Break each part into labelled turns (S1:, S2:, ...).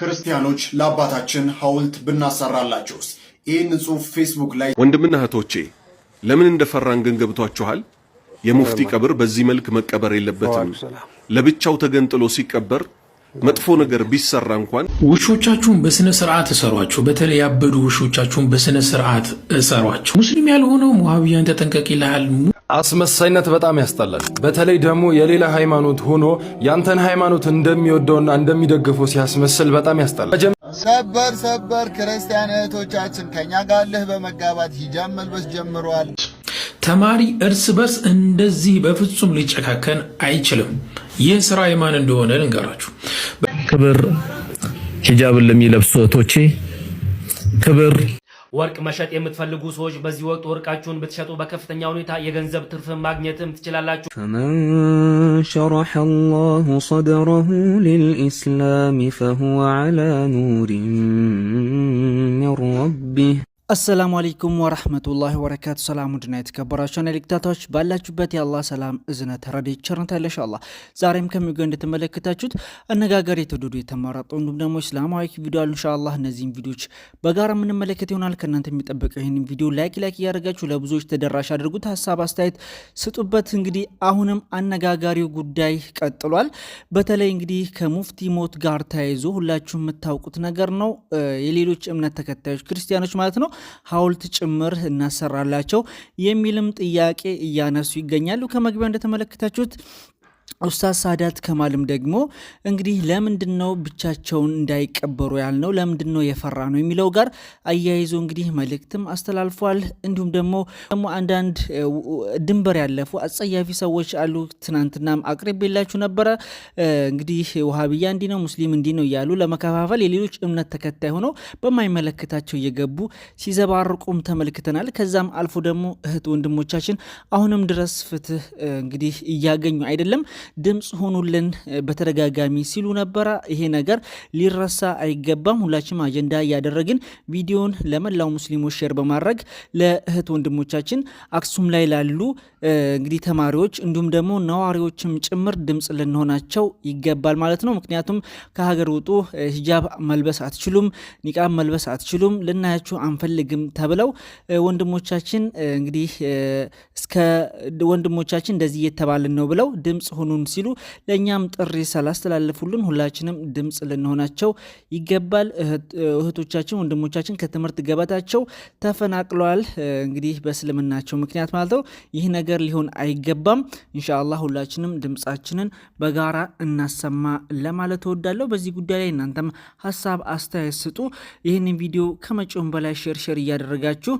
S1: ክርስቲያኖች ለአባታችን ሐውልት ብናሰራላቸውስ? ይህን ጽሑፍ ፌስቡክ ላይ
S2: ወንድምና እህቶቼ ለምን እንደፈራን ግን ገብቷችኋል? የሙፍቲ ቀብር በዚህ መልክ መቀበር የለበትም። ለብቻው ተገንጥሎ ሲቀበር መጥፎ ነገር ቢሰራ እንኳን
S3: ውሾቻችሁን በስነ ስርዓት እሰሯቸው። በተለይ ያበዱ ውሾቻችሁን በስነ ስርዓት እሰሯቸው። ሙስሊም ያልሆነው ውሃብያን ተጠንቀቅ ይልሃል።
S4: አስመሳይነት በጣም ያስጠላል። በተለይ ደግሞ የሌላ ሃይማኖት ሆኖ ያንተን ሃይማኖት እንደሚወደውና እንደሚደግፈው ሲያስመስል በጣም ያስጠላል።
S5: ሰበር ሰበር! ክርስቲያን እህቶቻችን ከኛ ጋር ልህ በመጋባት ሂጃብ መልበስ ጀምሯል።
S6: ተማሪ እርስ በርስ እንደዚህ በፍጹም ሊጨካከን አይችልም። ይህ ስራ የማን እንደሆነ ልንገራችሁ።
S7: ክብር ሂጃብን ለሚለብሱ እህቶቼ ክብር
S8: ወርቅ መሸጥ የምትፈልጉ ሰዎች በዚህ ወቅት ወርቃችሁን ብትሸጡ በከፍተኛ ሁኔታ የገንዘብ ትርፍን ማግኘትም ትችላላችሁ።
S9: ፈመን ሸረሐ አላሁ ሰድረሁ ሊልኢስላሚ ፈሁወ ዐላ ኑሪን ሚን ረቢህ
S10: አሰላሙ አለይኩም ወራህመቱላሂ ወበረካቱ። ሰላም ውድና የተከበራችሁ ተመልካቾች ባላችሁበት የአላህ ሰላም እዝነት ረድኤት ቸርነት ያለሽ አላህ ዛሬም ከሚገኝ እንደተመለከታችሁት አነጋገር የተወደዱ የተመረጡ እንዲሁም ደግሞ እስላማዊ ቪዲዮ አሉ። ኢንሻአላህ እነዚህን ቪዲዮዎች በጋራ የምንመለከት ይሆናል። ከእናንተ የሚጠበቀው ይህን ቪዲዮ ላይክ ላይክ እያደረጋችሁ ለብዙዎች ተደራሽ አድርጉት። ሀሳብ አስተያየት ስጡበት። እንግዲህ አሁንም አነጋጋሪው ጉዳይ ቀጥሏል። በተለይ እንግዲህ ከሙፍቲ ሞት ጋር ተያይዞ ሁላችሁ የምታውቁት ነገር ነው። የሌሎች እምነት ተከታዮች ክርስቲያኖች ማለት ነው ሀውልት ጭምር እናሰራላቸው የሚልም ጥያቄ እያነሱ ይገኛሉ። ከመግቢያው እንደተመለከታችሁት ኡስታዝ ሳዳት ከማልም ደግሞ እንግዲህ ለምንድን ነው ብቻቸውን እንዳይቀበሩ ያልነው ለምንድን ነው የፈራ ነው የሚለው ጋር አያይዞ እንግዲህ መልእክትም አስተላልፏል። እንዲሁም ደግሞ ደግሞ አንዳንድ ድንበር ያለፉ አጸያፊ ሰዎች አሉ። ትናንትናም አቅርቤላችሁ ነበረ። እንግዲህ ውሃብያ እንዲህ ነው፣ ሙስሊም እንዲህ ነው እያሉ ለመከፋፈል የሌሎች እምነት ተከታይ ሆነው በማይመለከታቸው እየገቡ ሲዘባርቁም ተመልክተናል። ከዛም አልፎ ደግሞ እህት ወንድሞቻችን አሁንም ድረስ ፍትህ እንግዲህ እያገኙ አይደለም። ድምፅ ሆኑልን በተደጋጋሚ ሲሉ ነበረ። ይሄ ነገር ሊረሳ አይገባም። ሁላችንም አጀንዳ እያደረግን ቪዲዮን ለመላው ሙስሊሞች ሼር በማድረግ ለእህት ወንድሞቻችን አክሱም ላይ ላሉ እንግዲህ ተማሪዎች እንዲሁም ደግሞ ነዋሪዎችም ጭምር ድምፅ ልንሆናቸው ይገባል ማለት ነው። ምክንያቱም ከሀገር ውጡ ሂጃብ መልበስ አትችሉም፣ ኒቃብ መልበስ አትችሉም፣ ልናያችሁ አንፈልግም ተብለው ወንድሞቻችን እንግዲህ እስከ ወንድሞቻችን እንደዚህ እየተባልን ነው ብለው ድምፅ ሆኑ ሁኑን ሲሉ ለእኛም ጥሪ ስላስተላለፉልን ሁላችንም ድምፅ ልንሆናቸው ይገባል። እህቶቻችን፣ ወንድሞቻችን ከትምህርት ገበታቸው ተፈናቅለዋል። እንግዲህ በእስልምናቸው ምክንያት ማለት ነው። ይህ ነገር ሊሆን አይገባም። እንሻአላ ሁላችንም ድምፃችንን በጋራ እናሰማ ለማለት እወዳለሁ። በዚህ ጉዳይ ላይ እናንተም ሀሳብ አስተያየት ስጡ። ይህንን ቪዲዮ ከመጪውም በላይ ሼር ሼር እያደረጋችሁ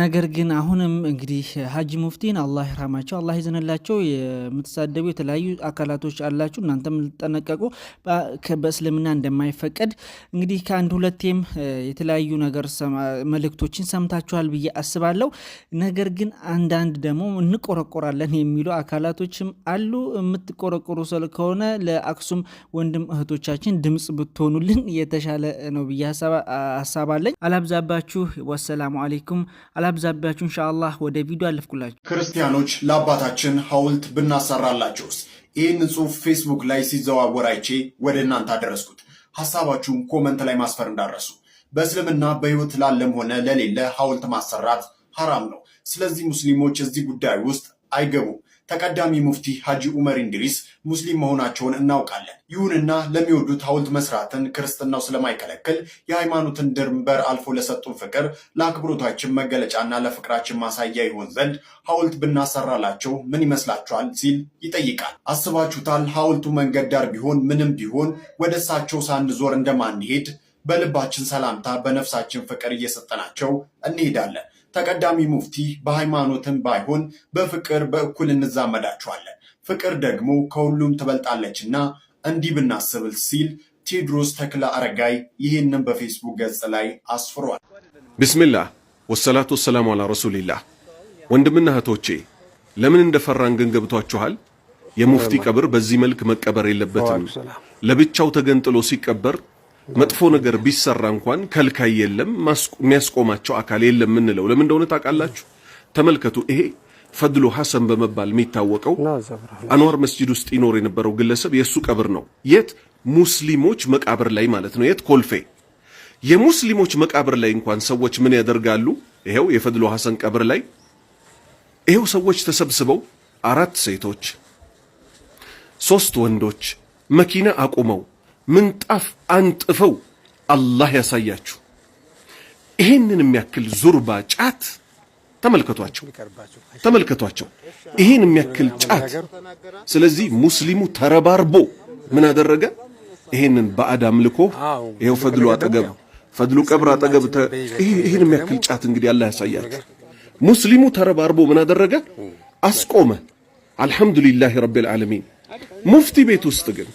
S10: ነገር ግን አሁንም እንግዲህ ሀጂ ሙፍቲን አላህ ይርሃማቸው፣ አላህ ይዘንላቸው። የምትሳደቡ የተለያዩ አካላቶች አላችሁ፣ እናንተም ልጠነቀቁ። በእስልምና እንደማይፈቀድ እንግዲህ ከአንድ ሁለቴም የተለያዩ ነገር መልእክቶችን ሰምታችኋል ብዬ አስባለሁ። ነገር ግን አንዳንድ ደግሞ እንቆረቆራለን የሚሉ አካላቶችም አሉ። የምትቆረቆሩ ስል ከሆነ ለአክሱም ወንድም እህቶቻችን ድምፅ ብትሆኑልን የተሻለ ነው ብዬ አሳባለኝ።
S11: አላብዛባችሁ። ወሰላሙ አሌይኩም አላብዛባችሁ። እንሻአላህ ወደ ቪዲዮ አለፍኩላችሁ።
S1: ክርስቲያኖች ለአባታችን ሐውልት ብናሰራላቸውስ? ይህን ጽሑፍ ፌስቡክ ላይ ሲዘዋወር አይቼ ወደ እናንተ አደረስኩት። ሀሳባችሁን ኮመንት ላይ ማስፈር እንዳረሱ። በእስልምና በሕይወት ላለም ሆነ ለሌለ ሐውልት ማሰራት ሐራም ነው። ስለዚህ ሙስሊሞች እዚህ ጉዳይ ውስጥ አይገቡም። ተቀዳሚ ሙፍቲ ሀጂ ኡመር እንድሪስ ሙስሊም መሆናቸውን እናውቃለን። ይሁንና ለሚወዱት ሐውልት መስራትን ክርስትናው ስለማይከለክል የሃይማኖትን ድንበር አልፎ ለሰጡን ፍቅር ለአክብሮታችን መገለጫና ለፍቅራችን ማሳያ ይሆን ዘንድ ሐውልት ብናሰራላቸው ምን ይመስላችኋል? ሲል ይጠይቃል። አስባችሁታል? ሐውልቱ መንገድ ዳር ቢሆን ምንም ቢሆን ወደ እሳቸው ሳንዞር እንደማንሄድ በልባችን ሰላምታ በነፍሳችን ፍቅር እየሰጠናቸው እንሄዳለን። ተቀዳሚ ሙፍቲ በሃይማኖትም ባይሆን በፍቅር በእኩል እንዛመዳቸዋለን፣ ፍቅር ደግሞ ከሁሉም ትበልጣለችና እንዲህ ብናስብል ሲል ቴዎድሮስ ተክለ አረጋይ ይህንን በፌስቡክ ገጽ ላይ አስፍሯል።
S2: ቢስሚላህ ወሰላቱ ወሰላሙ አላ ረሱሊላህ። ወንድምና እህቶቼ ለምን እንደፈራን ግን ገብቷችኋል? የሙፍቲ ቀብር በዚህ መልክ መቀበር የለበትም። ለብቻው ተገንጥሎ ሲቀበር መጥፎ ነገር ቢሰራ እንኳን ከልካይ የለም፣ የሚያስቆማቸው አካል የለም የምንለው ለምን እንደሆነ ታውቃላችሁ? ተመልከቱ። ይሄ ፈድሎ ሐሰን በመባል የሚታወቀው አንዋር መስጂድ ውስጥ ይኖር የነበረው ግለሰብ የእሱ ቀብር ነው። የት ሙስሊሞች መቃብር ላይ ማለት ነው። የት ኮልፌ የሙስሊሞች መቃብር ላይ እንኳን ሰዎች ምን ያደርጋሉ? ይሄው የፈድሎ ሐሰን ቀብር ላይ ይሄው ሰዎች ተሰብስበው አራት ሴቶች ሶስት ወንዶች መኪና አቁመው ምንጣፍ አንጥፈው አላህ ያሳያችሁ። ይህንን የሚያክል ዙርባ ጫት ተመልከቷቸው፣ ተመልከቷቸው ይህን የሚያክል ጫት። ስለዚህ ሙስሊሙ ተረባርቦ ምን አደረገ? ይህንን ባዕድ አምልኮ ይኸው ፈድሉ አጠገብ ፈድሉ ቀብር አጠገብ ይህን የሚያክል ጫት እንግዲህ አላህ ያሳያችሁ። ሙስሊሙ ተረባርቦ ምን አደረገ? አስቆመ። አልሐምዱሊላህ ረቢል ዓለሚን። ሙፍቲ ቤት ውስጥ ግን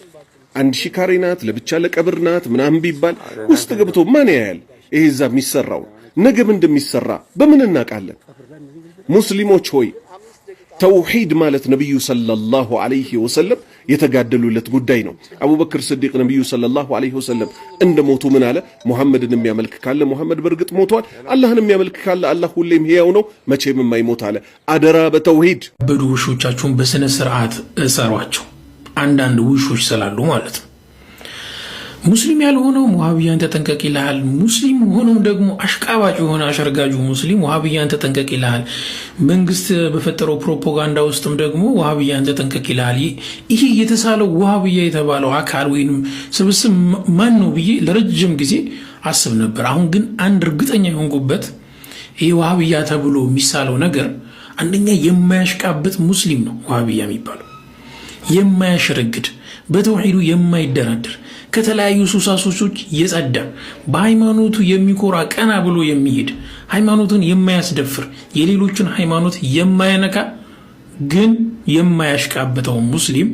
S2: አንድ ሺህ ካሬ ናት፣ ለብቻ ለቀብር ናት ምናምን ቢባል ውስጥ ገብቶ ማን ያያል? ይሄ እዛ የሚሰራው ነገም እንደሚሰራ በምን እናውቃለን? ሙስሊሞች ሆይ ተውሂድ ማለት ነቢዩ ሰለላሁ ዐለይሂ ወሰለም የተጋደሉለት ጉዳይ ነው። አቡበክር ስዲቅ ነቢዩ ሰለላሁ ዐለይሂ ወሰለም እንደ ሞቱ ምን አለ? ሙሐመድን የሚያመልክ ካለ ሙሐመድ በእርግጥ ሞቷል፣ አላህን የሚያመልክ ካለ አላህ ሁሌም ሕያው ነው፣ መቼም የማይሞት አለ። አደራ በተውሂድ
S3: በድውሾቻችሁን በሥነ ሥርዓት እሰሯቸው። አንዳንድ ውሾች ስላሉ ማለት ነው። ሙስሊም ያልሆነው ውሃብያን ተጠንቀቅ ይልሃል። ሙስሊም ሆነው ደግሞ አሽቃባጭ የሆነ አሸርጋጁ ሙስሊም ውሃብያን ተጠንቀቅ ይልሃል። መንግስት በፈጠረው ፕሮፓጋንዳ ውስጥም ደግሞ ውሃብያን ተጠንቀቅ ይልሃል። ይሄ የተሳለው ውሃብያ የተባለው አካል ወይም ስብስብ ማን ነው ብዬ ለረጅም ጊዜ አስብ ነበር። አሁን ግን አንድ እርግጠኛ የሆንኩበት ይህ ውሃብያ ተብሎ የሚሳለው ነገር አንደኛ የማያሽቃብጥ ሙስሊም ነው ውሃብያ የሚባለው የማያሸረግድ በተውሂዱ የማይደራደር ከተለያዩ ሱሳሶሶች የጸዳ በሃይማኖቱ የሚኮራ ቀና ብሎ የሚሄድ ሃይማኖቱን የማያስደፍር የሌሎችን ሃይማኖት የማያነካ ግን የማያሽቃበተው ሙስሊም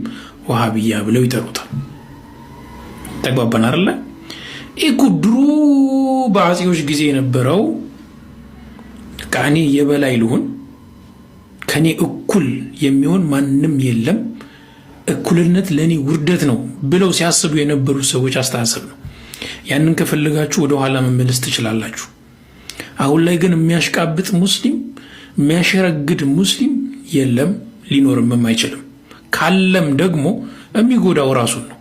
S3: ውሃብያ ብለው ይጠሩታል። ተግባባን አይደለ? ይህ ድሮ በአጼዎች ጊዜ የነበረው ከእኔ የበላይ ልሁን ከእኔ እኩል የሚሆን ማንም የለም እኩልነት ለእኔ ውርደት ነው ብለው ሲያስቡ የነበሩ ሰዎች አስተሳሰብ ነው። ያንን ከፈለጋችሁ ወደ ኋላ መመለስ ትችላላችሁ። አሁን ላይ ግን የሚያሽቃብጥ ሙስሊም፣ የሚያሸረግድ ሙስሊም የለም፣ ሊኖርም አይችልም። ካለም ደግሞ የሚጎዳው ራሱን ነው።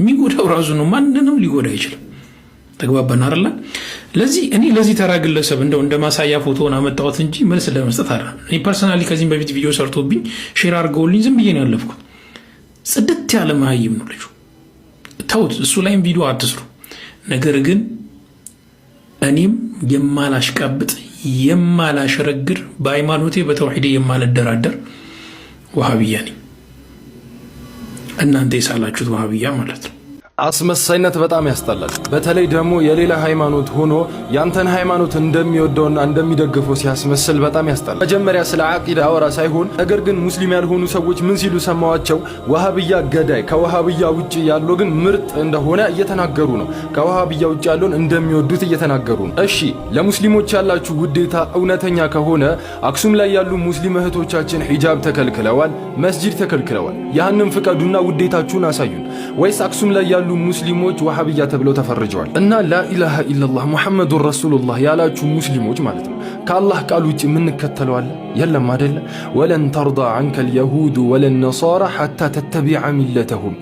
S3: የሚጎዳው ራሱን ነው። ማንንም ሊጎዳ አይችልም። ተግባባን አይደለ? ለዚህ እኔ ለዚህ ተራ ግለሰብ እንደው እንደ ማሳያ ፎቶውን አመጣሁት እንጂ መልስ ለመስጠት አይደለም። እኔ ፐርሰናሊ ከዚህም በፊት ቪዲዮ ሰርቶብኝ ሼር አድርገውልኝ ዝም ብዬ ነው ያለፍኩት። ጽድት ያለ መሀይም ነው ልጁ። ተውት፣ እሱ ላይም ቪዲዮ አትስሩ። ነገር ግን እኔም የማላሽቃብጥ የማላሽረግር በሃይማኖቴ በተውሒዴ የማልደራደር ወሃብያ ነኝ። እናንተ የሳላችሁት ወሃብያ ማለት ነው።
S4: አስመሳይነት በጣም ያስጠላል። በተለይ ደግሞ የሌላ ሃይማኖት ሆኖ ያንተን ሃይማኖት እንደሚወደውና እንደሚደግፈው ሲያስመስል በጣም ያስጠላል። መጀመሪያ ስለ አቂዳ አወራ ሳይሆን ነገር ግን ሙስሊም ያልሆኑ ሰዎች ምን ሲሉ ሰማዋቸው? ዋሃብያ ገዳይ፣ ከዋሃብያ ውጭ ያለው ግን ምርጥ እንደሆነ እየተናገሩ ነው። ከዋሃብያ ውጭ ያለውን እንደሚወዱት እየተናገሩ ነው። እሺ ለሙስሊሞች ያላችሁ ውዴታ እውነተኛ ከሆነ አክሱም ላይ ያሉ ሙስሊም እህቶቻችን ሂጃብ ተከልክለዋል፣ መስጂድ ተከልክለዋል። ያንን ፍቀዱና ውዴታችሁን አሳዩን። ወይስ አክሱም ላይ ያሉ ያሉ ሙስሊሞች ወሃብያ ተብለው ተፈርጀዋል። እና ላኢላሃ ኢለላህ ሙሐመዱን ረሱሉላህ ያላችሁ ሙስሊሞች ማለት ነው። ከአላህ ቃል ውጭ የምንከተለዋለ የለም አደለ። ወለን ተርዳ አንከ ልየሁዱ ወለነሳራ ሐታ ተተቢዐ ሚለተሁም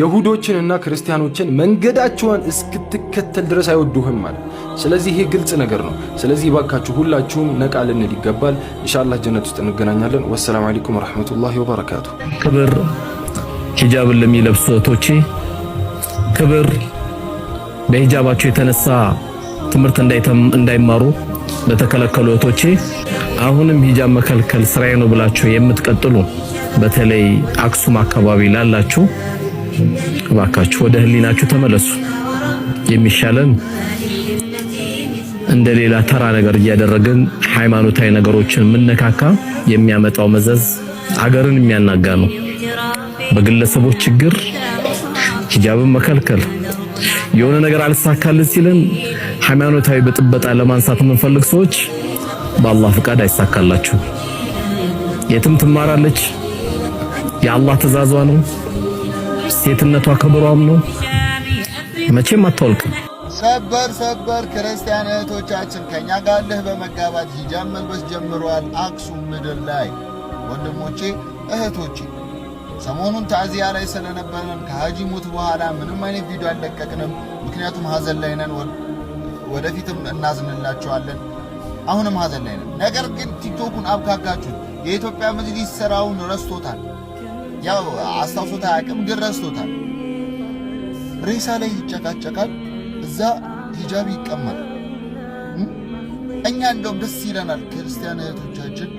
S4: የሁዶችንና ክርስቲያኖችን መንገዳቸውን እስክትከተል ድረስ አይወዱህም ማለት። ስለዚህ ይሄ ግልጽ ነገር ነው። ስለዚህ ባካችሁ ሁላችሁም ነቃ ልንል ይገባል። ኢንሻአላህ ጀነት ውስጥ እንገናኛለን። ወሰላም አለይኩም ወረሕመቱላሂ ወበረካቱ።
S7: ክብር ሂጃብን ለሚለብሱ እህቶቼ ክብር በሂጃባቸው የተነሳ ትምህርት እንዳይማሩ ለተከለከሉ እህቶቼ አሁንም ሂጃብ መከልከል ስራዬ ነው ብላችሁ የምትቀጥሉ በተለይ አክሱም አካባቢ ላላችሁ እባካችሁ ወደ ህሊናችሁ ተመለሱ። የሚሻለን እንደሌላ ተራ ነገር እያደረግን ሃይማኖታዊ ነገሮችን ምነካካ የሚያመጣው መዘዝ አገርን የሚያናጋ ነው። በግለሰቦች ችግር ሂጃብን መከልከል የሆነ ነገር አልሳካልን ሲልን ሃይማኖታዊ በጥበጣ ለማንሳት የምንፈልግ ሰዎች በአላህ ፍቃድ አይሳካላችሁ። የትም ትማራለች። የአላህ ትእዛዟ ነው። ሴትነቷ ክብሯም ነው። መቼም አታወልቅም።
S5: ሰበር ሰበር! ክርስቲያን እህቶቻችን ከኛ ጋር ልህ በመጋባት ሂጃብ መልበስ ጀምረዋል። አክሱም ምድር ላይ ወንድሞቼ እህቶቼ ሰሞኑን ታዚያ ላይ ስለነበረን ከሀጂ ሞት በኋላ ምንም አይነት ቪዲዮ አልለቀቅንም። ምክንያቱም ሀዘን ላይ ነን። ወደፊትም እናዝንላቸዋለን። አሁንም ሀዘን ላይ ነን። ነገር ግን ቲክቶኩን አብካጋችሁት። የኢትዮጵያ መጅሊስ ስራውን ረስቶታል። ያው አስታውሶት አያውቅም፣ ግን ረስቶታል። ሬሳ ላይ ይጨቃጨቃል፣ እዛ ሂጃብ ይቀማል። እኛ እንደውም ደስ ይለናል ክርስቲያን እህቶቻችን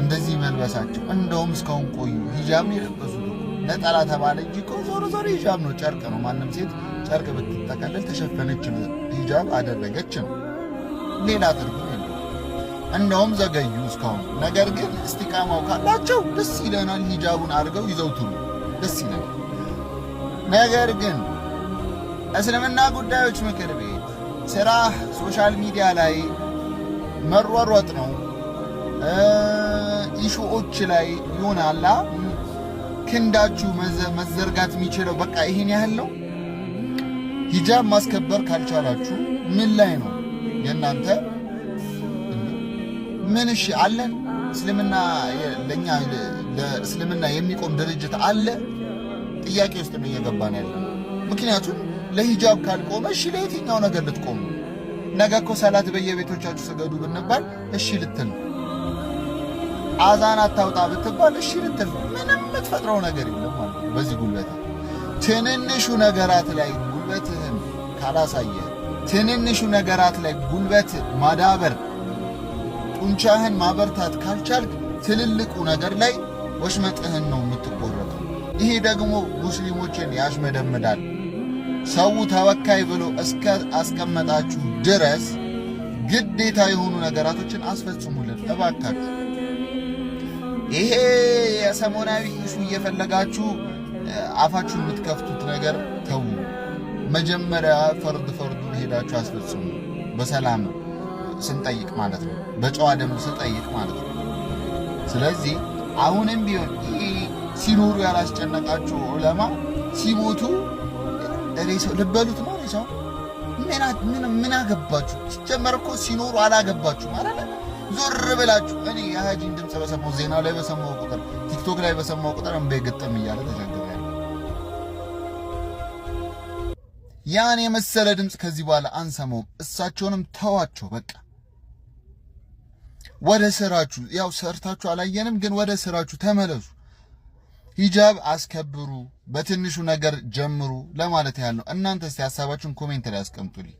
S5: እንደዚህ መልበሳቸው እንደውም እስካሁን ቆዩ። ሂጃብ የለበሱ የለበሱት። ነጠላ ተባለ እንጂ ዞሮ ዞሮ ሂጃብ ነው፣ ጨርቅ ነው። ማንም ሴት ጨርቅ ብትጠቀልል ተሸፈነች ነው፣ ሂጃብ አደረገች ነው። ሌላ ትርጉም የለውም። እንደውም ዘገዩ እስካሁን። ነገር ግን እስቲቃማው ካላቸው ደስ ይለናል። ሂጃቡን አድርገው ይዘውት ደስ ይለናል። ነገር ግን እስልምና ጉዳዮች ምክር ቤት ስራ ሶሻል ሚዲያ ላይ መሯሯጥ ነው። ኢሹዎች ላይ ይሆናላ ክንዳችሁ መዘርጋት የሚችለው በቃ ይሄን ያህል ነው። ሂጃብ ማስከበር ካልቻላችሁ ምን ላይ ነው የእናንተ ምን? እሺ አለን እስልምና ለኛ ለእስልምና የሚቆም ድርጅት አለ። ጥያቄ ውስጥ ነው እየገባን ያለ። ምክንያቱም ለሂጃብ ካልቆመ እሺ ለየትኛው ነገር ልትቆሙ? ነገ እኮ ሰላት በየቤቶቻችሁ ስገዱ ብንባል እሺ ልትል አዛን አታውጣ ብትባል እሺ ልትል ምንም የምትፈጥረው ነገር የለም ማለት ነው። በዚህ ጉልበት ትንንሹ ነገራት ላይ ጉልበትህን ካላሳየ ትንንሹ ነገራት ላይ ጉልበት ማዳበር ጡንቻህን ማበርታት ካልቻልክ ትልልቁ ነገር ላይ ወሽመጥህን ነው የምትቆረጠው። ይሄ ደግሞ ሙስሊሞችን ያሽመደምዳል። ሰው ተወካይ ብሎ እስከ አስቀመጣችሁ ድረስ ግዴታ የሆኑ ነገራቶችን አስፈጽሙልን እባካችሁ። ይሄ የሰሞናዊ ኢሹ እየፈለጋችሁ አፋችሁ የምትከፍቱት ነገር ተዉ። መጀመሪያ ፈርድ ፈርዱ ሄዳችሁ አስፈጽሙ። በሰላም ስንጠይቅ ማለት ነው፣ በጨዋ ደንብ ስንጠይቅ ማለት ነው። ስለዚህ አሁንም ቢሆን ሲኖሩ ያላስጨነቃችሁ ዑለማ ሲሞቱ ልበሉት ነው ሬሰው ምን አገባችሁ? ሲጀመር እኮ ሲኖሩ አላገባችሁም አላለም ዞር ብላችሁ እኔ የሀጂን ድምፅ በሰማሁ ዜና ላይ በሰማሁ ቁጥር ቲክቶክ ላይ በሰማሁ ቁጥር እንበ ገጠም እያለ ተሻገረ። ያን የመሰለ ድምፅ ከዚህ በኋላ አንሰማውም። እሳቸውንም ተዋቸው በቃ ወደ ስራችሁ። ያው ሰርታችሁ አላየንም፣ ግን ወደ ስራችሁ ተመለሱ። ሂጃብ አስከብሩ፣ በትንሹ ነገር ጀምሩ ለማለት ያህል ነው። እናንተ እስቲ ሀሳባችሁን ኮሜንት ላይ አስቀምጡልኝ።